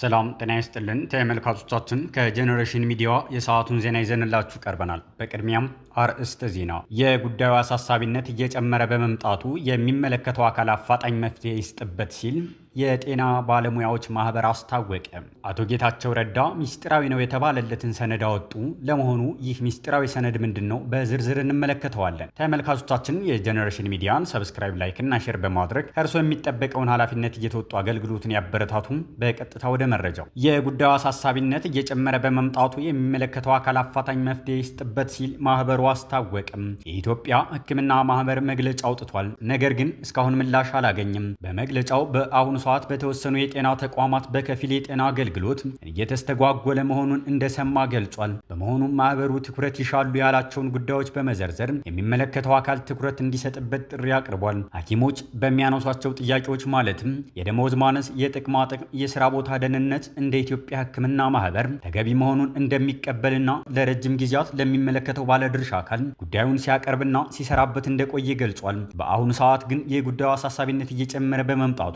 ሰላም ጤና ይስጥልን ተመልካቾቻችን፣ ከጀኔሬሽን ሚዲያ የሰዓቱን ዜና ይዘንላችሁ ቀርበናል። በቅድሚያም አርዕስተ ዜና። የጉዳዩ አሳሳቢነት እየጨመረ በመምጣቱ የሚመለከተው አካል አፋጣኝ መፍትሄ ይስጥበት ሲል የጤና ባለሙያዎች ማህበር አስታወቀ። አቶ ጌታቸው ረዳ ሚስጢራዊ ነው የተባለለትን ሰነድ አወጡ። ለመሆኑ ይህ ሚስጢራዊ ሰነድ ምንድን ነው? በዝርዝር እንመለከተዋለን። ተመልካቾቻችን የጀኔሬሽን ሚዲያን ሰብስክራይብ፣ ላይክ እና ሼር በማድረግ ከእርስዎ የሚጠበቀውን ኃላፊነት እየተወጡ አገልግሎትን ያበረታቱም። በቀጥታ ወደ መረጃው። የጉዳዩ አሳሳቢነት እየጨመረ በመምጣቱ የሚመለከተው አካል አፋታኝ መፍትሄ ይስጥበት ሲል ማህበሩ አስታወቅም። የኢትዮጵያ ሕክምና ማህበር መግለጫ አውጥቷል። ነገር ግን እስካሁን ምላሽ አላገኝም። በመግለጫው በአሁኑ ሰዓት በተወሰኑ የጤና ተቋማት በከፊል የጤና አገልግሎት እየተስተጓጎለ መሆኑን እንደሰማ ገልጿል። በመሆኑም ማህበሩ ትኩረት ይሻሉ ያላቸውን ጉዳዮች በመዘርዘር የሚመለከተው አካል ትኩረት እንዲሰጥበት ጥሪ አቅርቧል። ሐኪሞች በሚያነሷቸው ጥያቄዎች ማለትም የደመወዝ ማነስ፣ የጥቅማጥቅም፣ ጥቅም፣ የስራ ቦታ ደህንነት እንደ ኢትዮጵያ ሕክምና ማህበር ተገቢ መሆኑን እንደሚቀበልና ለረጅም ጊዜያት ለሚመለከተው ባለድርሻ አካል ጉዳዩን ሲያቀርብና ሲሰራበት እንደቆየ ገልጿል። በአሁኑ ሰዓት ግን የጉዳዩ አሳሳቢነት እየጨመረ በመምጣቱ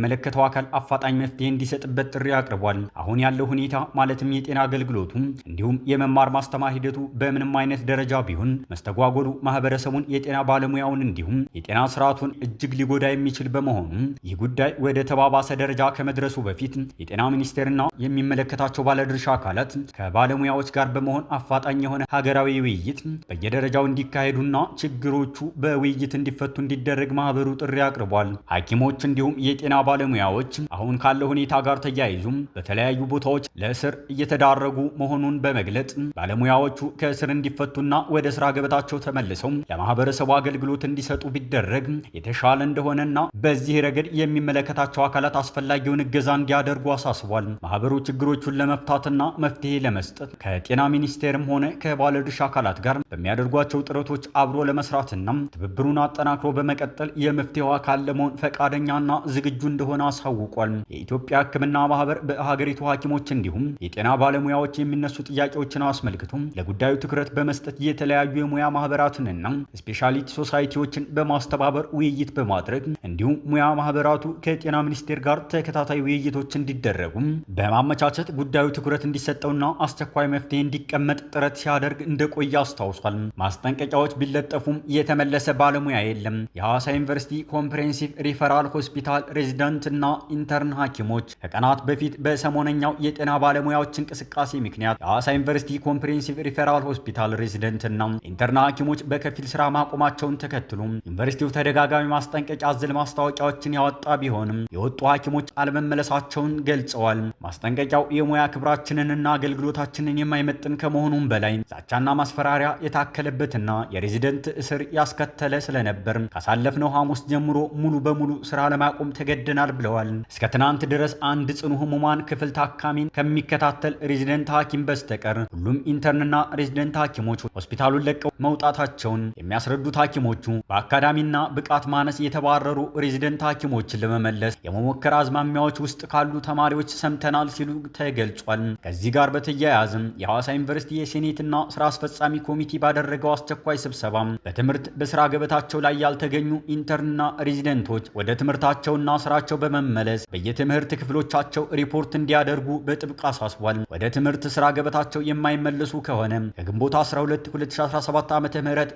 የሚመለከተው አካል አፋጣኝ መፍትሄ እንዲሰጥበት ጥሪ አቅርቧል። አሁን ያለው ሁኔታ ማለትም የጤና አገልግሎቱ እንዲሁም የመማር ማስተማር ሂደቱ በምንም አይነት ደረጃ ቢሆን መስተጓጎሉ ማህበረሰቡን የጤና ባለሙያውን እንዲሁም የጤና ስርዓቱን እጅግ ሊጎዳ የሚችል በመሆኑ ይህ ጉዳይ ወደ ተባባሰ ደረጃ ከመድረሱ በፊት የጤና ሚኒስቴርና የሚመለከታቸው ባለድርሻ አካላት ከባለሙያዎች ጋር በመሆን አፋጣኝ የሆነ ሀገራዊ ውይይት በየደረጃው እንዲካሄዱና ችግሮቹ በውይይት እንዲፈቱ እንዲደረግ ማህበሩ ጥሪ አቅርቧል። ሐኪሞች እንዲሁም የጤና ባለሙያዎች አሁን ካለው ሁኔታ ጋር ተያይዙም በተለያዩ ቦታዎች ለእስር እየተዳረጉ መሆኑን በመግለጽ ባለሙያዎቹ ከእስር እንዲፈቱና ወደ ስራ ገበታቸው ተመልሰው ለማህበረሰቡ አገልግሎት እንዲሰጡ ቢደረግ የተሻለ እንደሆነና በዚህ ረገድ የሚመለከታቸው አካላት አስፈላጊውን እገዛ እንዲያደርጉ አሳስቧል። ማህበሩ ችግሮቹን ለመፍታትና መፍትሄ ለመስጠት ከጤና ሚኒስቴርም ሆነ ከባለድርሻ አካላት ጋር በሚያደርጓቸው ጥረቶች አብሮ ለመስራትና ትብብሩን አጠናክሮ በመቀጠል የመፍትሄው አካል ለመሆን ፈቃደኛና ዝግጁ እንደሆነ አሳውቋል። የኢትዮጵያ ሕክምና ማህበር በሀገሪቱ ሐኪሞች እንዲሁም የጤና ባለሙያዎች የሚነሱ ጥያቄዎችን አስመልክቶም ለጉዳዩ ትኩረት በመስጠት የተለያዩ የሙያ ማህበራትንና ስፔሻሊቲ ሶሳይቲዎችን በማስተባበር ውይይት በማድረግ እንዲሁም ሙያ ማህበራቱ ከጤና ሚኒስቴር ጋር ተከታታይ ውይይቶች እንዲደረጉ በማመቻቸት ጉዳዩ ትኩረት እንዲሰጠውና አስቸኳይ መፍትሄ እንዲቀመጥ ጥረት ሲያደርግ እንደቆየ አስታውሷል። ማስጠንቀቂያዎች ቢለጠፉም የተመለሰ ባለሙያ የለም። የሐዋሳ ዩኒቨርሲቲ ኮምፕሬሄንሲቭ ሪፈራል ሆስፒታል ሬዚደንት ፕሬዝዳንትና ኢንተርን ሐኪሞች ከቀናት በፊት በሰሞነኛው የጤና ባለሙያዎች እንቅስቃሴ ምክንያት የሐዋሳ ዩኒቨርሲቲ ኮምፕሬሄንሲቭ ሪፈራል ሆስፒታል ሬዚደንትና ኢንተርን ሐኪሞች በከፊል ስራ ማቆማቸውን ተከትሎ ዩኒቨርሲቲው ተደጋጋሚ ማስጠንቀቂያ አዘል ማስታወቂያዎችን ያወጣ ቢሆንም የወጡ ሐኪሞች አለመመለሳቸውን ገልጸዋል። ማስጠንቀቂያው የሙያ ክብራችንንና አገልግሎታችንን የማይመጥን ከመሆኑም በላይ ዛቻና ማስፈራሪያ የታከለበትና የሬዚደንት እስር ያስከተለ ስለነበር ካሳለፍነው ሐሙስ ጀምሮ ሙሉ በሙሉ ስራ ለማቆም ተገደ ወስደናል ብለዋል። እስከ ትናንት ድረስ አንድ ጽኑ ህሙማን ክፍል ታካሚን ከሚከታተል ሬዚደንት ሐኪም በስተቀር ሁሉም ኢንተርንና ሬዚደንት ሐኪሞች ሆስፒታሉን ለቀው መውጣታቸውን የሚያስረዱት ሐኪሞቹ በአካዳሚና ብቃት ማነስ የተባረሩ ሬዚደንት ሐኪሞችን ለመመለስ የመሞከር አዝማሚያዎች ውስጥ ካሉ ተማሪዎች ሰምተናል ሲሉ ተገልጿል። ከዚህ ጋር በተያያዝም የሐዋሳ ዩኒቨርሲቲ የሴኔትና ስራ አስፈጻሚ ኮሚቴ ባደረገው አስቸኳይ ስብሰባ በትምህርት በስራ ገበታቸው ላይ ያልተገኙ ኢንተርንና ሬዚደንቶች ወደ ትምህርታቸውና ስራ ቤቶቻቸው በመመለስ በየትምህርት ክፍሎቻቸው ሪፖርት እንዲያደርጉ በጥብቅ አሳስቧል። ወደ ትምህርት ስራ ገበታቸው የማይመለሱ ከሆነ ከግንቦት 12 2017 ዓ.ም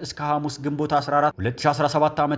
እስከ ሐሙስ ግንቦት 14 2017 ዓ.ም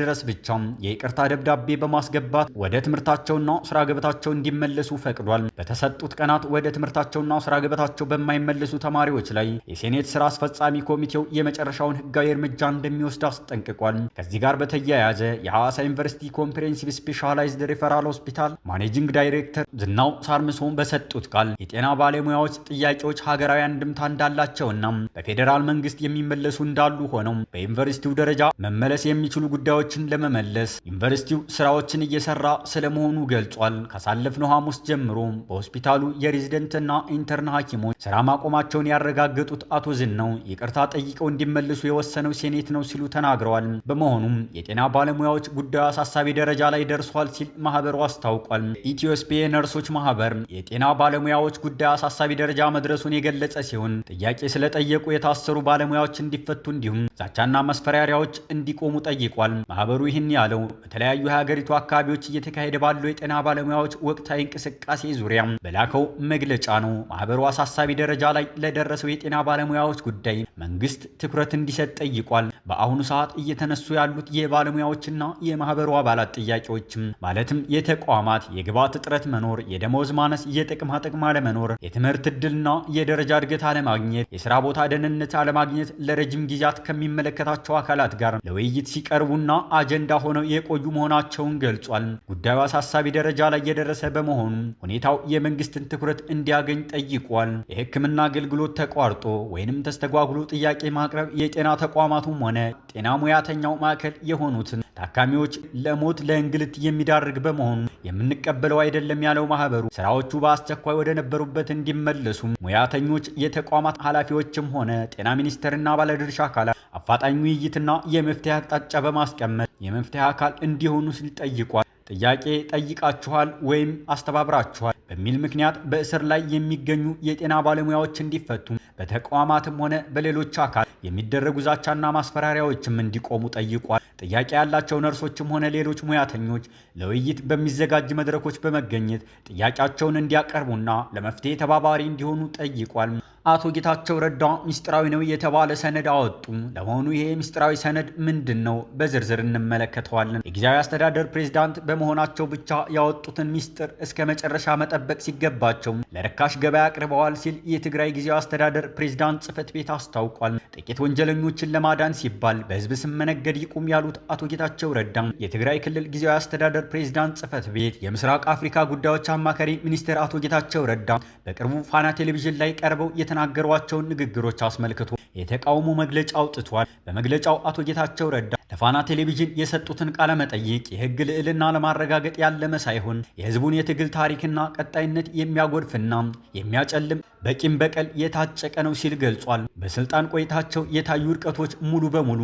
ድረስ ብቻ የይቅርታ ደብዳቤ በማስገባት ወደ ትምህርታቸውና ስራ ገበታቸው እንዲመለሱ ፈቅዷል። በተሰጡት ቀናት ወደ ትምህርታቸውና ስራ ገበታቸው በማይመለሱ ተማሪዎች ላይ የሴኔት ስራ አስፈጻሚ ኮሚቴው የመጨረሻውን ህጋዊ እርምጃ እንደሚወስድ አስጠንቅቋል። ከዚህ ጋር በተያያዘ የሐዋሳ ዩኒቨርሲቲ ኮምፕሬንሲቭ ስፔሻላ ስፔሻላይዝድ ሪፈራል ሆስፒታል ማኔጂንግ ዳይሬክተር ዝናው ሳርምሶን በሰጡት ቃል የጤና ባለሙያዎች ጥያቄዎች ሀገራዊ አንድምታ እንዳላቸውና በፌዴራል መንግስት የሚመለሱ እንዳሉ ሆነው በዩኒቨርሲቲው ደረጃ መመለስ የሚችሉ ጉዳዮችን ለመመለስ ዩኒቨርሲቲው ስራዎችን እየሰራ ስለመሆኑ ገልጿል። ካሳለፍነው ሐሙስ ጀምሮ በሆስፒታሉ የሬዚደንትና ኢንተርን ሐኪሞች ስራ ማቆማቸውን ያረጋገጡት አቶ ዝናው ይቅርታ ጠይቀው እንዲመለሱ የወሰነው ሴኔት ነው ሲሉ ተናግረዋል። በመሆኑም የጤና ባለሙያዎች ጉዳዩ አሳሳቢ ደረጃ ላይ ደርሷል ሲል ማህበሩ አስታውቋል። ኢትዮስፔ ነርሶች ማህበር የጤና ባለሙያዎች ጉዳይ አሳሳቢ ደረጃ መድረሱን የገለጸ ሲሆን ጥያቄ ስለጠየቁ የታሰሩ ባለሙያዎች እንዲፈቱ እንዲሁም ዛቻና መስፈራሪያዎች እንዲቆሙ ጠይቋል። ማህበሩ ይህን ያለው በተለያዩ የሀገሪቱ አካባቢዎች እየተካሄደ ባለው የጤና ባለሙያዎች ወቅታዊ እንቅስቃሴ ዙሪያ በላከው መግለጫ ነው። ማህበሩ አሳሳቢ ደረጃ ላይ ለደረሰው የጤና ባለሙያዎች ጉዳይ መንግስት ትኩረት እንዲሰጥ ጠይቋል። በአሁኑ ሰዓት እየተነሱ ያሉት የባለሙያዎችና የማህበሩ አባላት ጥያቄዎችም ማለትም የተቋማት የግብዓት እጥረት መኖር፣ የደሞዝ ማነስ፣ የጥቅማ ጥቅም አለመኖር፣ የትምህርት እድልና የደረጃ እድገት አለማግኘት፣ የስራ ቦታ ደህንነት አለማግኘት ለረጅም ጊዜያት ከሚመለከታቸው አካላት ጋር ለውይይት ሲቀርቡና አጀንዳ ሆነው የቆዩ መሆናቸውን ገልጿል። ጉዳዩ አሳሳቢ ደረጃ ላይ የደረሰ በመሆኑ ሁኔታው የመንግስትን ትኩረት እንዲያገኝ ጠይቋል። የህክምና አገልግሎት ተቋርጦ ወይንም ተስተጓጉሎ ጥያቄ ማቅረብ የጤና ተቋማቱም ሆነ ጤና ሙያተኛው ማዕከል የሆኑትን ታካሚዎች ለሞት ለእንግልት የሚዳርግ በመሆኑ የምንቀበለው አይደለም ያለው ማህበሩ ስራዎቹ በአስቸኳይ ወደ ነበሩበት እንዲመለሱም ሙያተኞች፣ የተቋማት ኃላፊዎችም ሆነ ጤና ሚኒስቴርና ባለድርሻ አካላት አፋጣኝ ውይይትና የመፍትሄ አቅጣጫ በማስቀመጥ የመፍትሄ አካል እንዲሆኑ ሲል ጠይቋል። ጥያቄ ጠይቃችኋል ወይም አስተባብራችኋል በሚል ምክንያት በእስር ላይ የሚገኙ የጤና ባለሙያዎች እንዲፈቱ በተቋማትም ሆነ በሌሎች አካል የሚደረጉ ዛቻና ማስፈራሪያዎችም እንዲቆሙ ጠይቋል። ጥያቄ ያላቸው ነርሶችም ሆነ ሌሎች ሙያተኞች ለውይይት በሚዘጋጅ መድረኮች በመገኘት ጥያቄያቸውን እንዲያቀርቡና ለመፍትሄ ተባባሪ እንዲሆኑ ጠይቋል። አቶ ጌታቸው ረዳ ሚስጥራዊ ነው የተባለ ሰነድ አወጡ። ለመሆኑ ይሄ ሚስጥራዊ ሰነድ ምንድን ነው? በዝርዝር እንመለከተዋለን። የጊዜያዊ አስተዳደር ፕሬዝዳንት በመሆናቸው ብቻ ያወጡትን ሚስጥር እስከ መጨረሻ መጠበቅ ሲገባቸው ለርካሽ ገበያ አቅርበዋል ሲል የትግራይ ጊዜያዊ አስተዳደር ፕሬዝዳንት ጽህፈት ቤት አስታውቋል። ጥቂት ወንጀለኞችን ለማዳን ሲባል በህዝብ ስም መነገድ ይቁም ያሉት አቶ ጌታቸው ረዳ የትግራይ ክልል ጊዜያዊ አስተዳደር ፕሬዚዳንት ጽህፈት ቤት የምስራቅ አፍሪካ ጉዳዮች አማካሪ ሚኒስትር አቶ ጌታቸው ረዳ በቅርቡ ፋና ቴሌቪዥን ላይ ቀርበው የተናገሯቸውን ንግግሮች አስመልክቶ የተቃውሞ መግለጫ አውጥቷል። በመግለጫው አቶ ጌታቸው ረዳ ለፋና ቴሌቪዥን የሰጡትን ቃለ መጠይቅ የህግ ልዕልና ለማረጋገጥ ያለመ ሳይሆን የህዝቡን የትግል ታሪክና ቀጣይነት የሚያጎድፍና የሚያጨልም በቂም በቀል የታጨቀ ነው ሲል ገልጿል። በስልጣን ቆይታቸው የታዩ እርቀቶች ሙሉ በሙሉ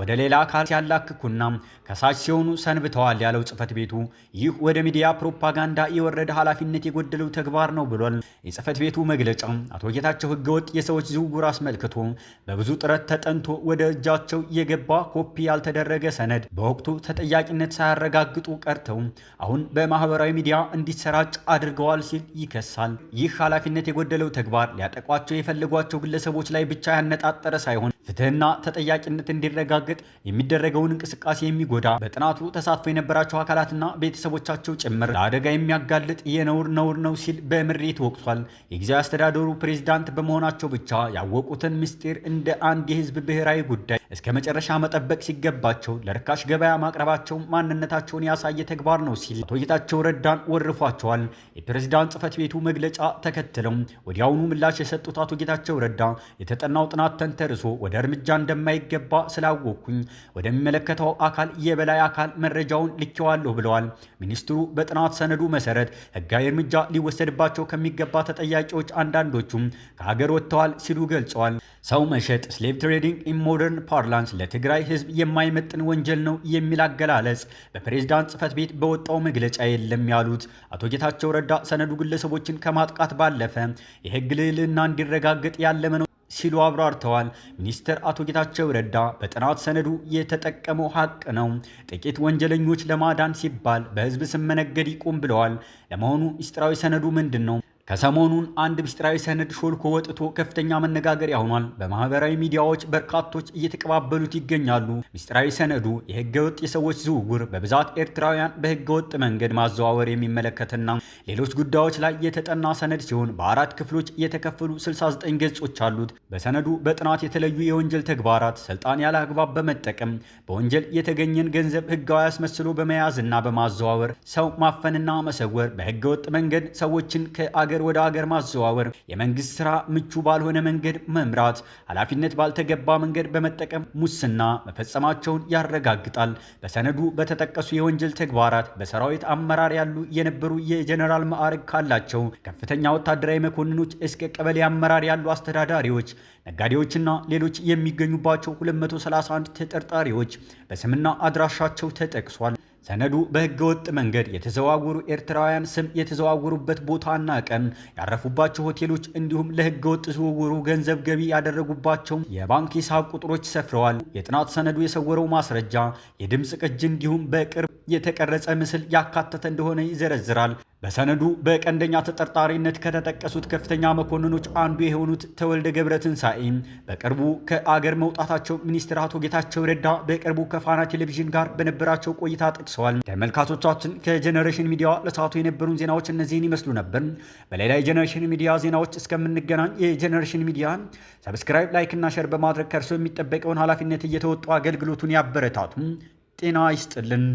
ወደ ሌላ አካል ሲያላክኩና ከሳሽ ሲሆኑ ሰንብተዋል ያለው ጽህፈት ቤቱ ይህ ወደ ሚዲያ ፕሮፓጋንዳ የወረደ ኃላፊነት የጎደለው ተግባር ነው ብሏል። የጽህፈት ቤቱ መግለጫ አቶ ጌታቸው ህገወጥ የሰዎች ዝውውር አስመልክቶ በብዙ ጥረት ተጠንቶ ወደ እጃቸው የገባ ኮፒ ያልተደረገ ሰነድ በወቅቱ ተጠያቂነት ሳያረጋግጡ ቀርተው አሁን በማህበራዊ ሚዲያ እንዲሰራጭ አድርገዋል ሲል ይከሳል። ይህ ኃላፊነት የጎደለው ተግባር ሊያጠቋቸው የፈለጓቸው ግለሰቦች ላይ ብቻ ያነጣጠረ ሳይሆን ፍትህና ተጠያቂነት እንዲረጋገጥ የሚደረገውን እንቅስቃሴ የሚጎዳ በጥናቱ ተሳትፎ የነበራቸው አካላትና ቤተሰቦቻቸው ጭምር ለአደጋ የሚያጋልጥ የነውር ነውር ነው ሲል በምሬት ወቅሷል። የጊዜያዊ አስተዳደሩ ፕሬዝዳንት በመሆናቸው ብቻ ያወቁትን ምስጢር እንደ አንድ የህዝብ ብሔራዊ ጉዳይ እስከ መጨረሻ መጠበቅ ሲገባቸው ለርካሽ ገበያ ማቅረባቸው ማንነታቸውን ያሳየ ተግባር ነው ሲል አቶ ጌታቸው ረዳን ወርፏቸዋል። የፕሬዝዳንት ጽህፈት ቤቱ መግለጫ ተከትለው ወዲያውኑ ምላሽ የሰጡት አቶ ጌታቸው ረዳ የተጠናው ጥናት ተንተርሶ ወደ እርምጃ እንደማይገባ ስላወቅኩኝ ወደሚመለከተው አካል የበላይ አካል መረጃውን ልኬዋለሁ ብለዋል። ሚኒስትሩ በጥናት ሰነዱ መሰረት ህጋዊ እርምጃ ሊወሰድባቸው ከሚገባ ተጠያቂዎች አንዳንዶቹም ከሀገር ወጥተዋል ሲሉ ገልጸዋል። ሰው መሸጥ ስሌቭ ትሬዲንግ ኢን ሞደርን ፓርላንስ ለትግራይ ሕዝብ የማይመጥን ወንጀል ነው የሚል አገላለጽ በፕሬዝዳንት ጽህፈት ቤት በወጣው መግለጫ የለም ያሉት አቶ ጌታቸው ረዳ ሰነዱ ግለሰቦችን ከማጥቃት ባለፈ የህግ ልዕልና እንዲረጋገጥ ያለመ ነው ሲሉ አብራርተዋል። ሚኒስትር አቶ ጌታቸው ረዳ በጥናት ሰነዱ የተጠቀመው ሀቅ ነው፣ ጥቂት ወንጀለኞች ለማዳን ሲባል በህዝብ ስም መነገድ ይቁም ብለዋል። ለመሆኑ ምስጢራዊ ሰነዱ ምንድን ነው? ከሰሞኑን አንድ ምስጢራዊ ሰነድ ሾልኮ ወጥቶ ከፍተኛ መነጋገሪያ ሆኗል። በማህበራዊ ሚዲያዎች በርካቶች እየተቀባበሉት ይገኛሉ። ምስጢራዊ ሰነዱ ወጥ የሰዎች ዝውውር በብዛት ኤርትራውያን ወጥ መንገድ ማዘዋወር የሚመለከትና ሌሎች ጉዳዮች ላይ የተጠና ሰነድ ሲሆን በአራት ክፍሎች የተከፈሉ 69 ገጾች አሉት። በሰነዱ በጥናት የተለዩ የወንጀል ተግባራት፣ ስልጣን ያለ አግባብ በመጠቀም በወንጀል የተገኘን ገንዘብ ህጋዊ አስመስሎ በመያዝና በማዘዋወር ሰው ማፈንና መሰወር፣ ወጥ መንገድ ሰዎችን ከአገር ወደ ሀገር ማዘዋወር፣ የመንግስት ስራ ምቹ ባልሆነ መንገድ መምራት፣ ኃላፊነት ባልተገባ መንገድ በመጠቀም ሙስና መፈጸማቸውን ያረጋግጣል። በሰነዱ በተጠቀሱ የወንጀል ተግባራት በሰራዊት አመራር ያሉ የነበሩ የጀኔራል ማዕረግ ካላቸው ከፍተኛ ወታደራዊ መኮንኖች እስከ ቀበሌ አመራር ያሉ አስተዳዳሪዎች፣ ነጋዴዎችና ሌሎች የሚገኙባቸው 231 ተጠርጣሪዎች በስምና አድራሻቸው ተጠቅሷል። ሰነዱ በህገወጥ መንገድ የተዘዋወሩ ኤርትራውያን ስም የተዘዋወሩበት ቦታና ቀን፣ ያረፉባቸው ሆቴሎች እንዲሁም ለህገወጥ ዝውውሩ ገንዘብ ገቢ ያደረጉባቸው የባንክ ሂሳብ ቁጥሮች ሰፍረዋል። የጥናት ሰነዱ የሰወረው ማስረጃ፣ የድምፅ ቅጅ እንዲሁም በቅርብ የተቀረጸ ምስል ያካተተ እንደሆነ ይዘረዝራል። በሰነዱ በቀንደኛ ተጠርጣሪነት ከተጠቀሱት ከፍተኛ መኮንኖች አንዱ የሆኑት ተወልደ ገብረ ትንሣኤ በቅርቡ ከአገር መውጣታቸው ሚኒስትር አቶ ጌታቸው ረዳ በቅርቡ ከፋና ቴሌቪዥን ጋር በነበራቸው ቆይታ ጠቅሰዋል። ተመልካቾቻችን ከጀኔሬሽን ሚዲያ ለሰዓቱ የነበሩን ዜናዎች እነዚህን ይመስሉ ነበር። በሌላ የጀኔሬሽን ሚዲያ ዜናዎች እስከምንገናኝ የጀኔሬሽን ሚዲያ ሰብስክራይብ፣ ላይክ እና ሸር በማድረግ ከእርስዎ የሚጠበቀውን ኃላፊነት እየተወጡ አገልግሎቱን ያበረታቱ። ጤና ይስጥልን።